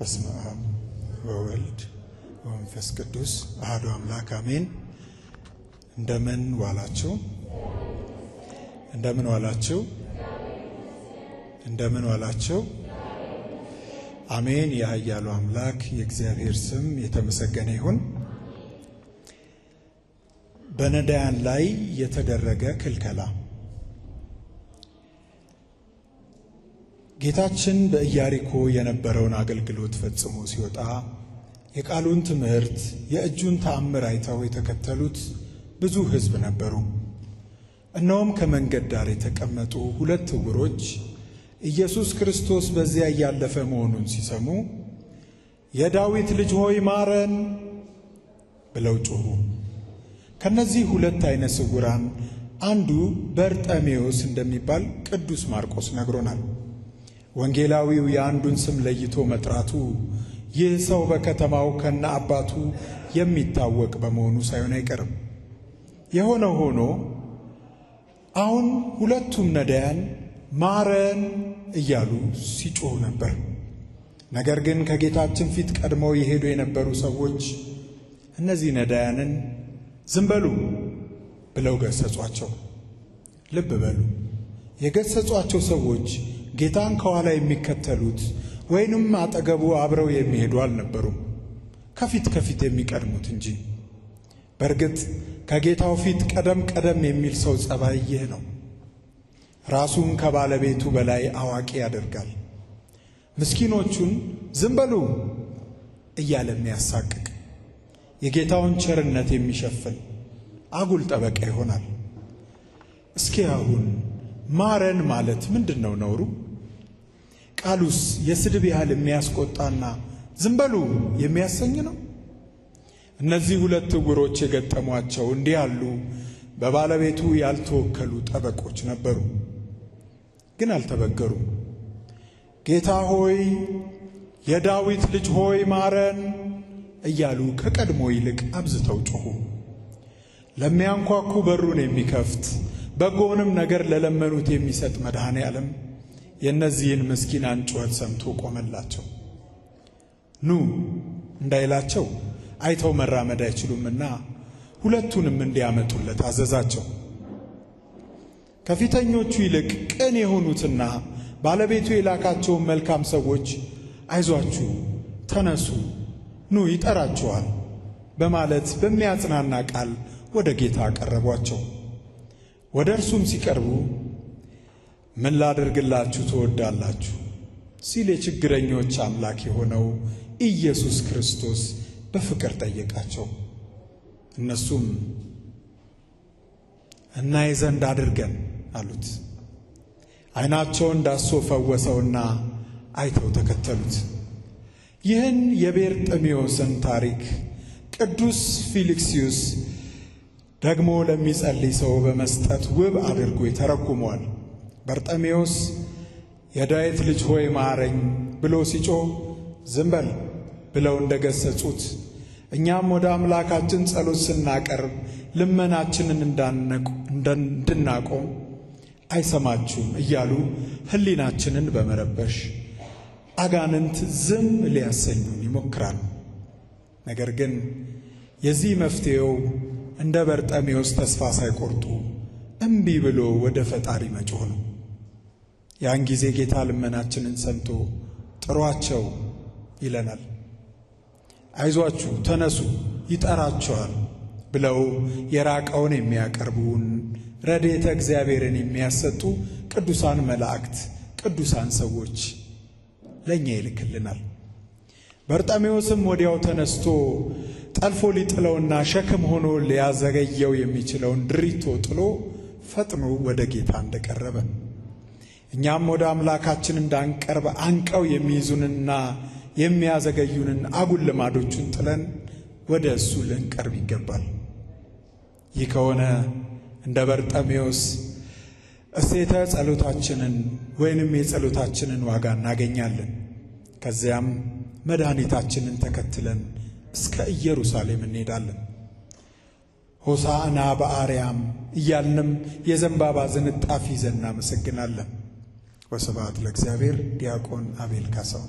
በስመ አብ ወወልድ ወመንፈስ ቅዱስ አህዶ አምላክ አሜን። እንደምን ዋላችሁ? እንደምን ዋላችሁ? እንደምን ዋላችሁ? አሜን። የኃያሉ አምላክ የእግዚአብሔር ስም የተመሰገነ ይሁን። በነዳያን ላይ የተደረገ ክልከላ ጌታችን በኢያሪኮ የነበረውን አገልግሎት ፈጽሞ ሲወጣ የቃሉን ትምህርት፣ የእጁን ተአምር አይተው የተከተሉት ብዙ ሕዝብ ነበሩ። እነውም ከመንገድ ዳር የተቀመጡ ሁለት ዕውሮች ኢየሱስ ክርስቶስ በዚያ እያለፈ መሆኑን ሲሰሙ የዳዊት ልጅ ሆይ ማረን ብለው ጮኹ። ከነዚህ ሁለት አይነ ስውራን አንዱ በርጠሜዎስ እንደሚባል ቅዱስ ማርቆስ ነግሮናል። ወንጌላዊው የአንዱን ስም ለይቶ መጥራቱ ይህ ሰው በከተማው ከነ አባቱ የሚታወቅ በመሆኑ ሳይሆን አይቀርም። የሆነ ሆኖ አሁን ሁለቱም ነዳያን ማረን እያሉ ሲጮሁ ነበር። ነገር ግን ከጌታችን ፊት ቀድመው የሄዱ የነበሩ ሰዎች እነዚህ ነዳያንን ዝም በሉ ብለው ገሰጿቸው። ልብ በሉ፣ የገሰጿቸው ሰዎች ጌታን ከኋላ የሚከተሉት ወይንም አጠገቡ አብረው የሚሄዱ አልነበሩም፣ ከፊት ከፊት የሚቀድሙት እንጂ። በእርግጥ ከጌታው ፊት ቀደም ቀደም የሚል ሰው ጸባይ ይህ ነው። ራሱን ከባለቤቱ በላይ አዋቂ ያደርጋል። ምስኪኖቹን ዝም በሉ እያለ የሚያሳቅቅ የጌታውን ቸርነት የሚሸፍን አጉል ጠበቃ ይሆናል። እስኪ አሁን ማረን ማለት ምንድን ነው ነውሩ? ቃሉስ የስድብ ያህል የሚያስቆጣና ዝም በሉ የሚያሰኝ ነው። እነዚህ ሁለት ዕውሮች የገጠሟቸው እንዲህ ያሉ በባለቤቱ ያልተወከሉ ጠበቆች ነበሩ፣ ግን አልተበገሩም። ጌታ ሆይ የዳዊት ልጅ ሆይ ማረን እያሉ ከቀድሞ ይልቅ አብዝተው ጮኹ። ለሚያንኳኩ በሩን የሚከፍት በጎንም ነገር ለለመኑት የሚሰጥ መድኃኔ ዓለም የእነዚህን ምስኪናን ጩኸት ሰምቶ ቆመላቸው። ኑ እንዳይላቸው አይተው መራመድ አይችሉምና ሁለቱንም እንዲያመጡለት አዘዛቸው። ከፊተኞቹ ይልቅ ቅን የሆኑትና ባለቤቱ የላካቸውን መልካም ሰዎች አይዟችሁ፣ ተነሱ፣ ኑ ይጠራችኋል በማለት በሚያጽናና ቃል ወደ ጌታ አቀረቧቸው። ወደ እርሱም ሲቀርቡ ምን ላደርግላችሁ ትወዳላችሁ ሲል የችግረኞች አምላክ የሆነው ኢየሱስ ክርስቶስ በፍቅር ጠየቃቸው። እነሱም እናይ ዘንድ አድርገን አሉት። ዓይናቸውን ዳሶ ፈወሰውና አይተው ተከተሉት። ይህን የቤርጥሜዎስን ታሪክ ቅዱስ ፊልክስዩስ ደግሞ ለሚጸልይ ሰው በመስጠት ውብ አድርጎ ይተረጉመዋል። በርጠሜዎስ የዳዊት ልጅ ሆይ ማረኝ ብሎ ሲጮ ዝም ብለው እንደገሰጹት እኛም ወደ አምላካችን ጸሎት ስናቀርብ ልመናችንን እንድናቆም አይሰማችሁም እያሉ ህሊናችንን በመረበሽ አጋንንት ዝም ሊያሰኙን ይሞክራል። ነገር ግን የዚህ መፍትሄው እንደ በርጠሜዎስ ተስፋ ሳይቆርጡ እምቢ ብሎ ወደ ፈጣሪ መጮህ ነው። ያን ጊዜ ጌታ ልመናችንን ሰምቶ ጥሯቸው ይለናል። አይዟችሁ ተነሱ፣ ይጠራችኋል ብለው የራቀውን የሚያቀርቡን ረዴተ እግዚአብሔርን የሚያሰጡ ቅዱሳን መላእክት፣ ቅዱሳን ሰዎች ለእኛ ይልክልናል። በርጠሜዎስም ወዲያው ተነስቶ ጠልፎ ሊጥለውና ሸክም ሆኖ ሊያዘገየው የሚችለውን ድሪቶ ጥሎ ፈጥኖ ወደ ጌታ እንደቀረበ እኛም ወደ አምላካችን እንዳንቀርብ አንቀው የሚይዙንና የሚያዘገዩንን አጉል ልማዶቹን ጥለን ወደ እሱ ልንቀርብ ይገባል። ይህ ከሆነ እንደ በርጠሜዎስ እሴተ ጸሎታችንን ወይንም የጸሎታችንን ዋጋ እናገኛለን። ከዚያም መድኃኒታችንን ተከትለን እስከ ኢየሩሳሌም እንሄዳለን። ሆሳዕና በአርያም እያልንም የዘንባባ ዝንጣፊ ይዘን እናመሰግናለን። ወስብሐት ለእግዚአብሔር። ዲያቆን አቤል ካሳው